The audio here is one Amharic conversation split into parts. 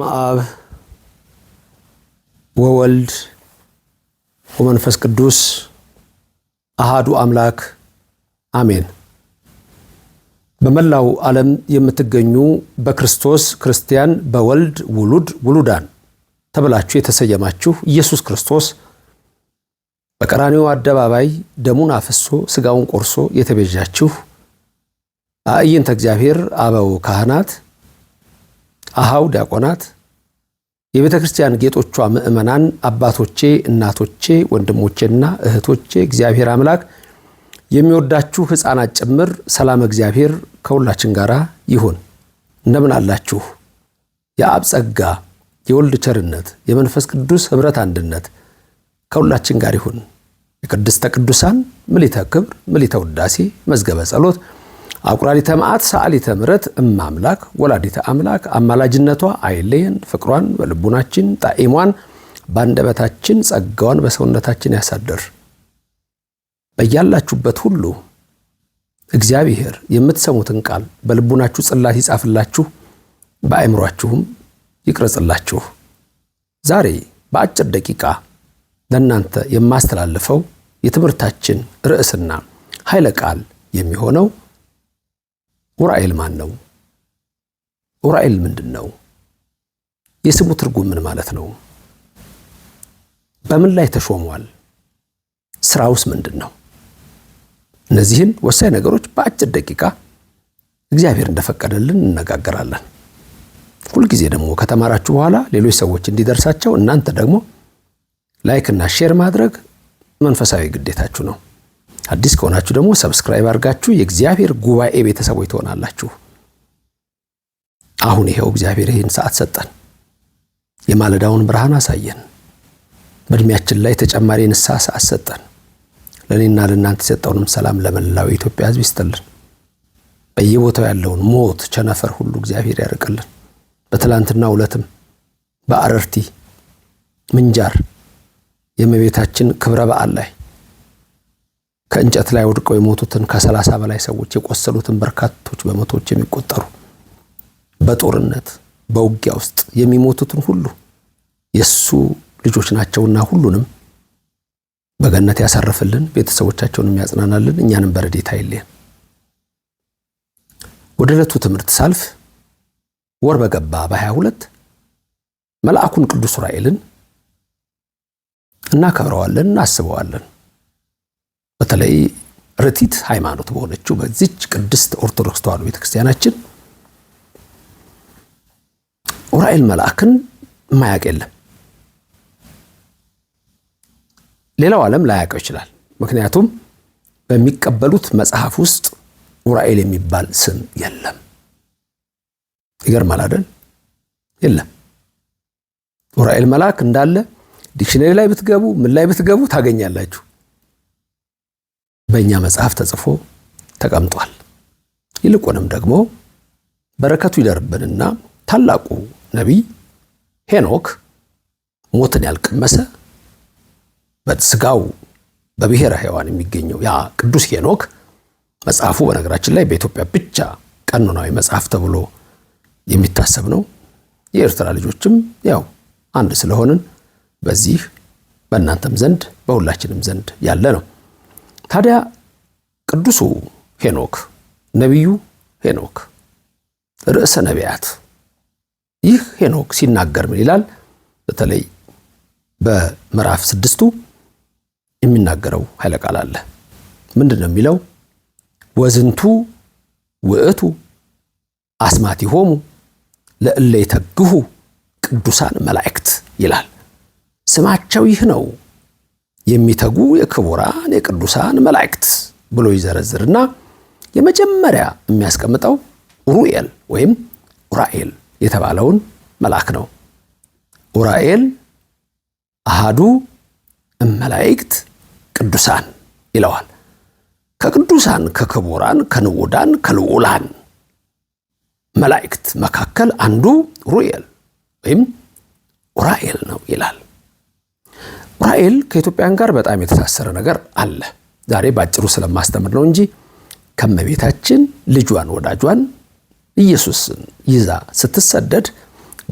በስመ አብ ወወልድ ወመንፈስ ቅዱስ አሃዱ አምላክ አሜን። በመላው ዓለም የምትገኙ በክርስቶስ ክርስቲያን፣ በወልድ ውሉድ ውሉዳን ተብላችሁ የተሰየማችሁ ኢየሱስ ክርስቶስ በቀራኒው አደባባይ ደሙን አፍሶ ሥጋውን ቆርሶ የተቤዣችሁ አእይንተ እግዚአብሔር አበው ካህናት አሃው ዲያቆናት፣ የቤተ ክርስቲያን ጌጦቿ ምእመናን፣ አባቶቼ፣ እናቶቼ፣ ወንድሞቼና እህቶቼ እግዚአብሔር አምላክ የሚወዳችሁ ሕፃናት ጭምር ሰላም እግዚአብሔር ከሁላችን ጋር ይሁን። እንደምን አላችሁ? የአብ ጸጋ የወልድ ቸርነት የመንፈስ ቅዱስ ኅብረት አንድነት ከሁላችን ጋር ይሁን። የቅድስተ ቅዱሳን ምሊተ ክብር ምሊተ ውዳሴ መዝገበ ጸሎት አቁራሊተ መዓት ሰዓሊተ ምሕረት እማምላክ ወላዲተ አምላክ አማላጅነቷ አይለየን። ፍቅሯን በልቡናችን ጣዕሟን ባንደበታችን ጸጋዋን በሰውነታችን ያሳድር። በያላችሁበት ሁሉ እግዚአብሔር የምትሰሙትን ቃል በልቡናችሁ ጽላት ይጻፍላችሁ፣ በአእምሯችሁም ይቅረጽላችሁ። ዛሬ በአጭር ደቂቃ ለእናንተ የማስተላልፈው የትምህርታችን ርዕስና ኃይለ ቃል የሚሆነው ኡራኤል ማን ነው? ኡራኤል ምንድን ነው? የስሙ ትርጉም ምን ማለት ነው? በምን ላይ ተሾሟል? ስራውስ ምንድን ነው? እነዚህን ወሳኝ ነገሮች በአጭር ደቂቃ እግዚአብሔር እንደፈቀደልን እነጋገራለን። ሁልጊዜ ደግሞ ከተማራችሁ በኋላ ሌሎች ሰዎች እንዲደርሳቸው እናንተ ደግሞ ላይክ እና ሼር ማድረግ መንፈሳዊ ግዴታችሁ ነው። አዲስ ከሆናችሁ ደግሞ ሰብስክራይብ አድርጋችሁ የእግዚአብሔር ጉባኤ ቤተሰቦች ትሆናላችሁ። አሁን ይሄው እግዚአብሔር ይህን ሰዓት ሰጠን፣ የማለዳውን ብርሃን አሳየን፣ በእድሜያችን ላይ ተጨማሪ ንስሐ ሰዓት ሰጠን። ለእኔና ለእናንተ የሰጠውንም ሰላም ለመላው የኢትዮጵያ ሕዝብ ይስጥልን። በየቦታው ያለውን ሞት፣ ቸነፈር ሁሉ እግዚአብሔር ያርቅልን። በትላንትና ዕለትም በአረርቲ ምንጃር የእመቤታችን ክብረ በዓል ላይ ከእንጨት ላይ ወድቀው የሞቱትን ከሰላሳ በላይ ሰዎች የቆሰሉትን በርካቶች በመቶዎች የሚቆጠሩ በጦርነት በውጊያ ውስጥ የሚሞቱትን ሁሉ የእሱ ልጆች ናቸውና ሁሉንም በገነት ያሳርፍልን፣ ቤተሰቦቻቸውን የሚያጽናናልን፣ እኛንም በረዴት አይለየን። ወደ ዕለቱ ትምህርት ሳልፍ ወር በገባ በ22 መልአኩን ቅዱስ ዑራኤልን እናከብረዋለን፣ እናስበዋለን። በተለይ ርቲት ሃይማኖት በሆነችው በዚች ቅድስት ኦርቶዶክስ ተዋሕዶ ቤተክርስቲያናችን ዑራኤል መልአክን ማያቅ የለም። ሌላው ዓለም ላያውቀው ይችላል። ምክንያቱም በሚቀበሉት መጽሐፍ ውስጥ ዑራኤል የሚባል ስም የለም። ይገርማል አይደል? የለም። ዑራኤል መልአክ እንዳለ ዲክሽነሪ ላይ ብትገቡ ምን ላይ ብትገቡ ታገኛላችሁ። በእኛ መጽሐፍ ተጽፎ ተቀምጧል። ይልቁንም ደግሞ በረከቱ ይደርብንና ታላቁ ነቢይ ሄኖክ ሞትን ያልቀመሰ በስጋው በብሔረ ሕያዋን የሚገኘው ያ ቅዱስ ሄኖክ መጽሐፉ በነገራችን ላይ በኢትዮጵያ ብቻ ቀኖናዊ መጽሐፍ ተብሎ የሚታሰብ ነው። የኤርትራ ልጆችም ያው አንድ ስለሆንን በዚህ በእናንተም ዘንድ በሁላችንም ዘንድ ያለ ነው። ታዲያ ቅዱሱ ሄኖክ ነቢዩ ሄኖክ ርዕሰ ነቢያት ይህ ሄኖክ ሲናገር ምን ይላል? በተለይ በምዕራፍ ስድስቱ የሚናገረው ኃይለ ቃል አለ። ምንድን ነው የሚለው? ወዝንቱ ውእቱ አስማቲሆሙ ለእለ ይተግሁ ቅዱሳን መላእክት ይላል። ስማቸው ይህ ነው የሚተጉ የክቡራን የቅዱሳን መላእክት ብሎ ይዘረዝርና የመጀመሪያ የሚያስቀምጠው ኡሩኤል ወይም ኡራኤል የተባለውን መልአክ ነው። ኡራኤል አሃዱ እመላእክት ቅዱሳን ይለዋል። ከቅዱሳን ከክቡራን ከንዑዳን ከልዑላን መላእክት መካከል አንዱ ሩኤል ወይም ኡራኤል ነው ይላል። እስራኤል ከኢትዮጵያን ጋር በጣም የተሳሰረ ነገር አለ። ዛሬ በአጭሩ ስለማስተምር ነው እንጂ ከመቤታችን ልጇን ወዳጇን ኢየሱስን ይዛ ስትሰደድ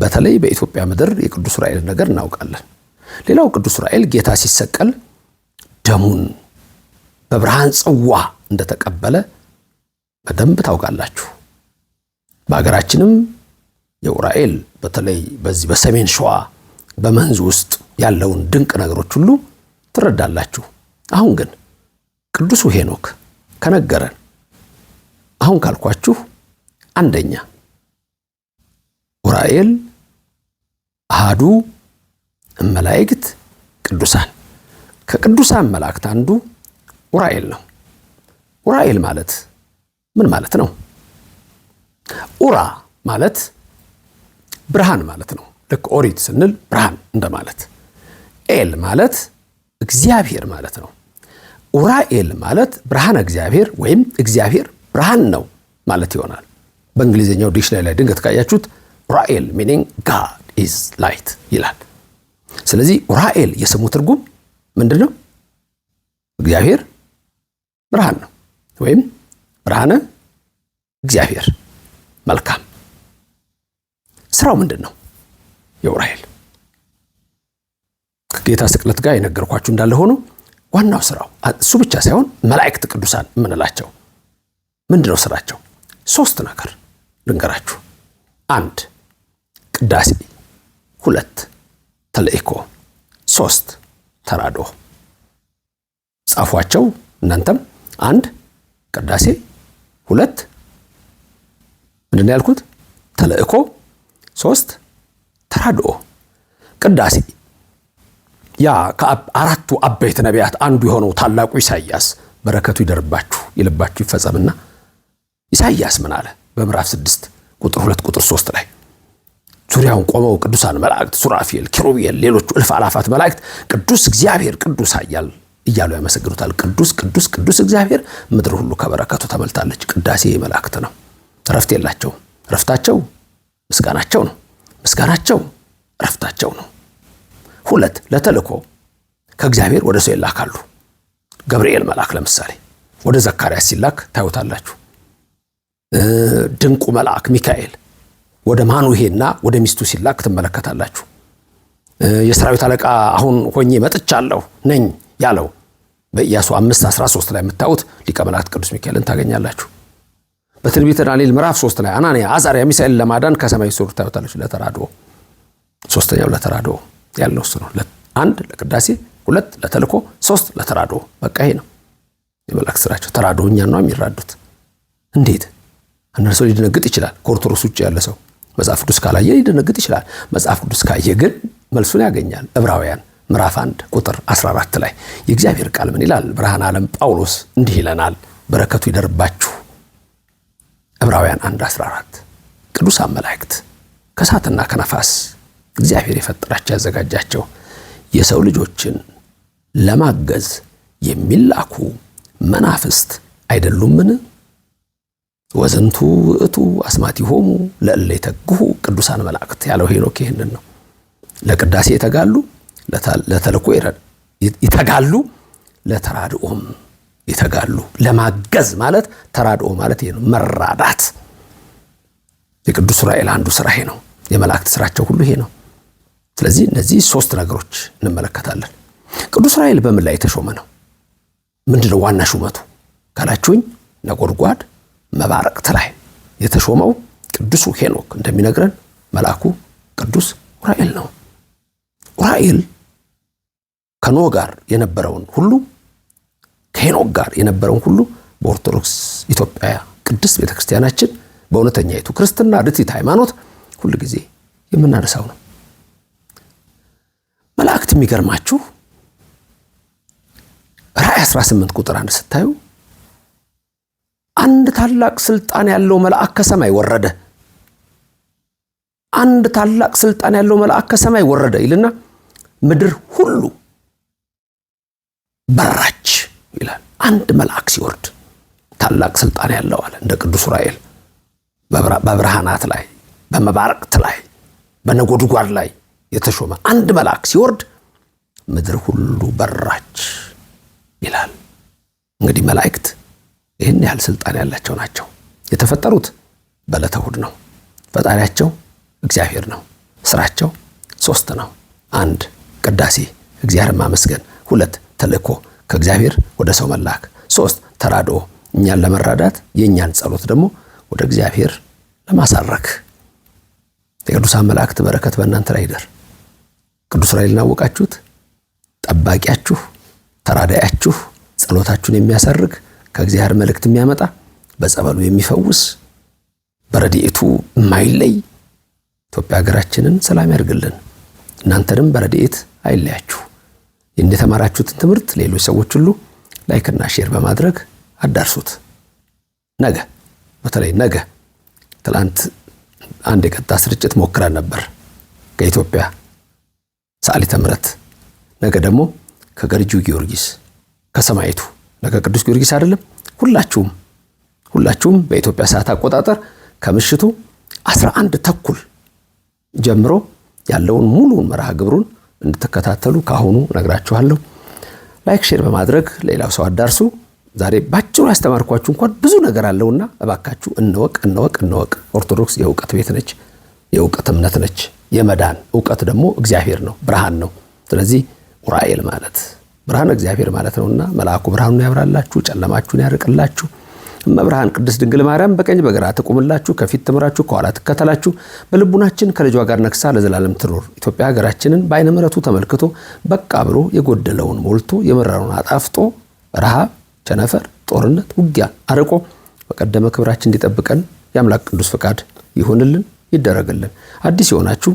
በተለይ በኢትዮጵያ ምድር የቅዱስ ራኤል ነገር እናውቃለን። ሌላው ቅዱስ ራኤል ጌታ ሲሰቀል ደሙን በብርሃን ጽዋ እንደተቀበለ በደንብ ታውቃላችሁ። በሀገራችንም የዑራኤል በተለይ በዚህ በሰሜን ሸዋ በመንዝ ውስጥ ያለውን ድንቅ ነገሮች ሁሉ ትረዳላችሁ። አሁን ግን ቅዱሱ ሄኖክ ከነገረን አሁን ካልኳችሁ አንደኛ ዑራኤል አሃዱ እመላእክት ቅዱሳን ከቅዱሳን መላእክት አንዱ ዑራኤል ነው። ዑራኤል ማለት ምን ማለት ነው? ዑራ ማለት ብርሃን ማለት ነው። ልክ ኦሪት ስንል ብርሃን እንደማለት ኤል ማለት እግዚአብሔር ማለት ነው። ኡራኤል ማለት ብርሃነ እግዚአብሔር ወይም እግዚአብሔር ብርሃን ነው ማለት ይሆናል። በእንግሊዝኛው ዲክሽነሪ ላይ ድንገት ካያችሁት ኡራኤል ሚኒንግ ጋድ ኢዝ ላይት ይላል። ስለዚህ ኡራኤል የስሙ ትርጉም ምንድን ነው? እግዚአብሔር ብርሃን ነው ወይም ብርሃነ እግዚአብሔር። መልካም ስራው ምንድን ነው የኡራኤል ጌታ ስቅለት ጋር የነገርኳችሁ እንዳለ ሆኖ ዋናው ስራው እሱ ብቻ ሳይሆን መላእክት ቅዱሳን የምንላቸው ምንድነው ስራቸው? ሶስት ነገር ልንገራችሁ። አንድ ቅዳሴ፣ ሁለት ተልእኮ፣ ሶስት ተራዶ። ጻፏቸው እናንተም። አንድ ቅዳሴ፣ ሁለት ምንድን ያልኩት ተልእኮ፣ ሶስት ተራዶ። ቅዳሴ ያ ከአራቱ አበይት ነቢያት አንዱ የሆነው ታላቁ ኢሳይያስ በረከቱ ይደርባችሁ የልባችሁ ይፈጸምና ኢሳይያስ ምን አለ? በምዕራፍ ስድስት ቁጥር ሁለት ቁጥር ሶስት ላይ ዙሪያውን ቆመው ቅዱሳን መላእክት ሱራፌል፣ ኪሩቤል፣ ሌሎቹ እልፍ አላፋት መላእክት ቅዱስ እግዚአብሔር ቅዱስ አያል እያሉ ያመሰግኑታል። ቅዱስ ቅዱስ ቅዱስ እግዚአብሔር፣ ምድር ሁሉ ከበረከቱ ተመልታለች። ቅዳሴ መላእክት ነው። እረፍት የላቸውም። እረፍታቸው ምስጋናቸው ነው። ምስጋናቸው እረፍታቸው ነው። ሁለት ለተልእኮ ከእግዚአብሔር ወደ ሰው ይላካሉ። ገብርኤል መልአክ ለምሳሌ ወደ ዘካርያስ ሲላክ ታዩታላችሁ። ድንቁ መልአክ ሚካኤል ወደ ማኑሄና ወደ ሚስቱ ሲላክ ትመለከታላችሁ። የሰራዊት አለቃ አሁን ሆኜ መጥቻለሁ ነኝ ያለው በኢያሱ 5:13 ላይ የምታዩት ሊቀ መላእክት ቅዱስ ሚካኤልን ታገኛላችሁ። በትንቢተ ዳንኤል ምዕራፍ 3 ላይ አናንያ፣ አዛርያ፣ ሚሳኤል ለማዳን ከሰማይ ሲወርዱ ታዩታላችሁ። ለተራድኦ ሶስተኛው ለተራድኦ ያለው ነው። አንድ ለቅዳሴ፣ ሁለት ለተልኮ፣ ሶስት ለተራዶ በቃ ይሄ ነው የመላእክት ስራቸው። ተራዶ እኛን ነው የሚራዱት። እንዴት እነርሱ ሊደነግጥ ይችላል። ከኦርቶዶክስ ውጭ ያለ ሰው መጽሐፍ ቅዱስ ካላየ ሊደነግጥ ይችላል። መጽሐፍ ቅዱስ ካየ ግን መልሱን ያገኛል። ዕብራውያን ምዕራፍ 1 ቁጥር 14 ላይ የእግዚአብሔር ቃል ምን ይላል? ብርሃን ዓለም ጳውሎስ እንዲህ ይለናል፣ በረከቱ ይደርባችሁ። ዕብራውያን 1 14 ቅዱሳን መላእክት ከእሳትና ከነፋስ እግዚአብሔር የፈጠራቸው ያዘጋጃቸው የሰው ልጆችን ለማገዝ የሚላኩ መናፍስት አይደሉምን? ወዘንቱ ውእቱ አስማቲሆሙ ለእለ ይተግሁ ቅዱሳን መላእክት ያለው ሄኖክ ይህንን ነው። ለቅዳሴ ይተጋሉ፣ ለተልእኮ ይተጋሉ፣ ለተራድኦም ይተጋሉ። ለማገዝ ማለት ተራድኦ ማለት ይሄ ነው፣ መራዳት። የቅዱስ ራኤል አንዱ ስራ ይሄ ነው። የመላእክት ስራቸው ሁሉ ይሄ ነው። ስለዚህ እነዚህ ሶስት ነገሮች እንመለከታለን። ቅዱስ ዑራኤል በምን ላይ የተሾመ ነው? ምንድነው ዋና ሹመቱ ካላችሁኝ፣ ነጎድጓድ መባረቅት ላይ የተሾመው ቅዱሱ ሄኖክ እንደሚነግረን መልአኩ ቅዱስ ዑራኤል ነው። ዑራኤል ከኖ ጋር የነበረውን ሁሉ ከሄኖክ ጋር የነበረውን ሁሉ በኦርቶዶክስ ኢትዮጵያ ቅድስት ቤተክርስቲያናችን በእውነተኛይቱ ክርስትና ድቲት ሃይማኖት ጊዜ የምናነሳው ነው። የሚገርማችሁ ራእይ 18 ቁጥር አንድ ስታዩ አንድ ታላቅ ስልጣን ያለው መልአክ ከሰማይ ወረደ። አንድ ታላቅ ስልጣን ያለው መልአክ ከሰማይ ወረደ ይልና ምድር ሁሉ በራች ይላል። አንድ መልአክ ሲወርድ ታላቅ ስልጣን ያለው አለ እንደ ቅዱስ ዑራኤል በብርሃናት ላይ በመባረቅት ላይ በነጎድጓድ ላይ የተሾመ አንድ መልአክ ሲወርድ ምድር ሁሉ በራች ይላል። እንግዲህ መላእክት ይህን ያህል ስልጣን ያላቸው ናቸው። የተፈጠሩት በዕለተ እሑድ ነው። ፈጣሪያቸው እግዚአብሔር ነው። ስራቸው ሶስት ነው። አንድ ቅዳሴ፣ እግዚአብሔር ማመስገን፣ ሁለት ተልእኮ፣ ከእግዚአብሔር ወደ ሰው መላክ፣ ሶስት ተራድኦ፣ እኛን ለመራዳት የእኛን ጸሎት ደግሞ ወደ እግዚአብሔር ለማሳረክ። የቅዱሳን መላእክት በረከት በእናንተ ላይ ይደር። ቅዱስ ዑራኤልን አወቃችሁት? ጠባቂያችሁ፣ ተራዳያችሁ፣ ጸሎታችሁን የሚያሰርግ ከእግዚአብሔር መልእክት የሚያመጣ በጸበሉ የሚፈውስ በረድኤቱ የማይለይ ኢትዮጵያ ሀገራችንን ሰላም ያድርግልን። እናንተንም በረድኤት አይለያችሁ። የተማራችሁትን ትምህርት ሌሎች ሰዎች ሁሉ ላይክና ሼር በማድረግ አዳርሱት። ነገ በተለይ ነገ ትላንት አንድ የቀጥታ ስርጭት ሞክረን ነበር ከኢትዮጵያ ሰዓሊተ ምሕረት ነገ ደግሞ ከገርጁ ጊዮርጊስ ከሰማይቱ ነገ ቅዱስ ጊዮርጊስ አይደለም። ሁላችሁም ሁላችሁም በኢትዮጵያ ሰዓት አቆጣጠር ከምሽቱ 11 ተኩል ጀምሮ ያለውን ሙሉን መርሃ ግብሩን እንድትከታተሉ ካሁኑ ነግራችኋለሁ። ላይክ ሼር በማድረግ ሌላው ሰው አዳርሱ። ዛሬ ባጭሩ ያስተማርኳችሁ እንኳን ብዙ ነገር አለውና እባካችሁ እንወቅ እንወቅ እንወቅ። ኦርቶዶክስ የእውቀት ቤት ነች፣ የእውቀት እምነት ነች። የመዳን እውቀት ደግሞ እግዚአብሔር ነው፣ ብርሃን ነው። ስለዚህ ዑራኤል ማለት ብርሃን እግዚአብሔር ማለት ነውና መልአኩ ብርሃኑን ያብራላችሁ፣ ጨለማችሁን ያርቅላችሁ። እመብርሃን ቅድስት ድንግል ማርያም በቀኝ በግራ ትቁምላችሁ፣ ከፊት ትምራችሁ፣ ከኋላ ትከተላችሁ። በልቡናችን ከልጇ ጋር ነግሳ ለዘላለም ትኖር። ኢትዮጵያ ሀገራችንን በአይነ ምረቱ ተመልክቶ በቃ ብሎ የጎደለውን ሞልቶ የመራሩን አጣፍጦ ረሃብ፣ ቸነፈር፣ ጦርነት፣ ውጊያ አርቆ በቀደመ ክብራችን እንዲጠብቀን የአምላክ ቅዱስ ፈቃድ ይሆንልን ይደረግልን። አዲስ የሆናችሁ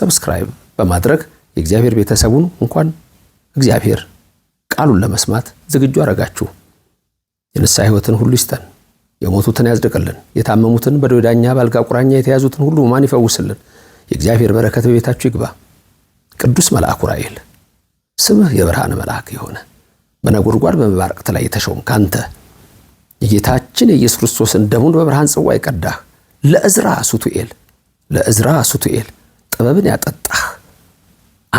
ሰብስክራይብ በማድረግ የእግዚአብሔር ቤተሰቡን እንኳን እግዚአብሔር ቃሉን ለመስማት ዝግጁ አረጋችሁ። የንስሐ ሕይወትን ሁሉ ይስጠን። የሞቱትን ያጽድቅልን። የታመሙትን በደዌ ዳኛ በአልጋ ቁራኛ የተያዙትን ሁሉ ማን ይፈውስልን። የእግዚአብሔር በረከት በቤታችሁ ይግባ። ቅዱስ መልአኩ ራኤል ስምህ የብርሃን መልአክ የሆነ በነጎድጓድ በመባረቅት ላይ የተሾምክ ካንተ የጌታችን የኢየሱስ ክርስቶስን ደሙን በብርሃን ጽዋ ይቀዳህ ለእዝራ ሱቱኤል ለእዝራ ሱቱኤል ጥበብን ያጠጣህ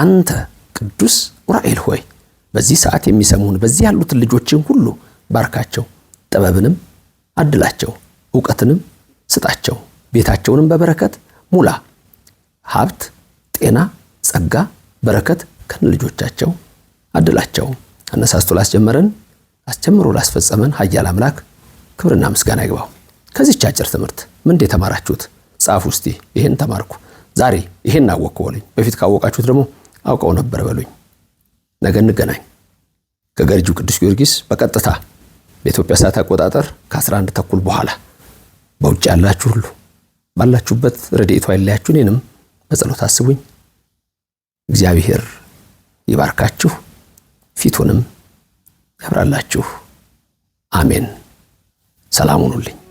አንተ ቅዱስ ዑራኤል ሆይ በዚህ ሰዓት የሚሰሙን በዚህ ያሉትን ልጆችን ሁሉ ባርካቸው፣ ጥበብንም አድላቸው፣ እውቀትንም ስጣቸው፣ ቤታቸውንም በበረከት ሙላ፣ ሀብት፣ ጤና፣ ጸጋ፣ በረከት ከነ ልጆቻቸው አድላቸው። አነሳስቶ ላስጀመረን አስጀምሮ ላስፈጸመን ኃያል አምላክ ክብርና ምስጋና ይግባው። ከዚች አጭር ትምህርት ምንድ የተማራችሁት? ጻፉ እስቲ። ይሄን ተማርኩ ዛሬ ይሄን አወቅኩ በሉኝ። በፊት ካወቃችሁት ደግሞ አውቀው ነበር በሉኝ። ነገ እንገናኝ። ከገርጁ ቅዱስ ጊዮርጊስ በቀጥታ በኢትዮጵያ ሰዓት አቆጣጠር ከ11 ተኩል በኋላ በውጭ ያላችሁ ሁሉ ባላችሁበት ረድኤቱ አይለያችሁ። እኔንም በጸሎት አስቡኝ። እግዚአብሔር ይባርካችሁ፣ ፊቱንም ያብራላችሁ። አሜን። ሰላም ሁኑልኝ።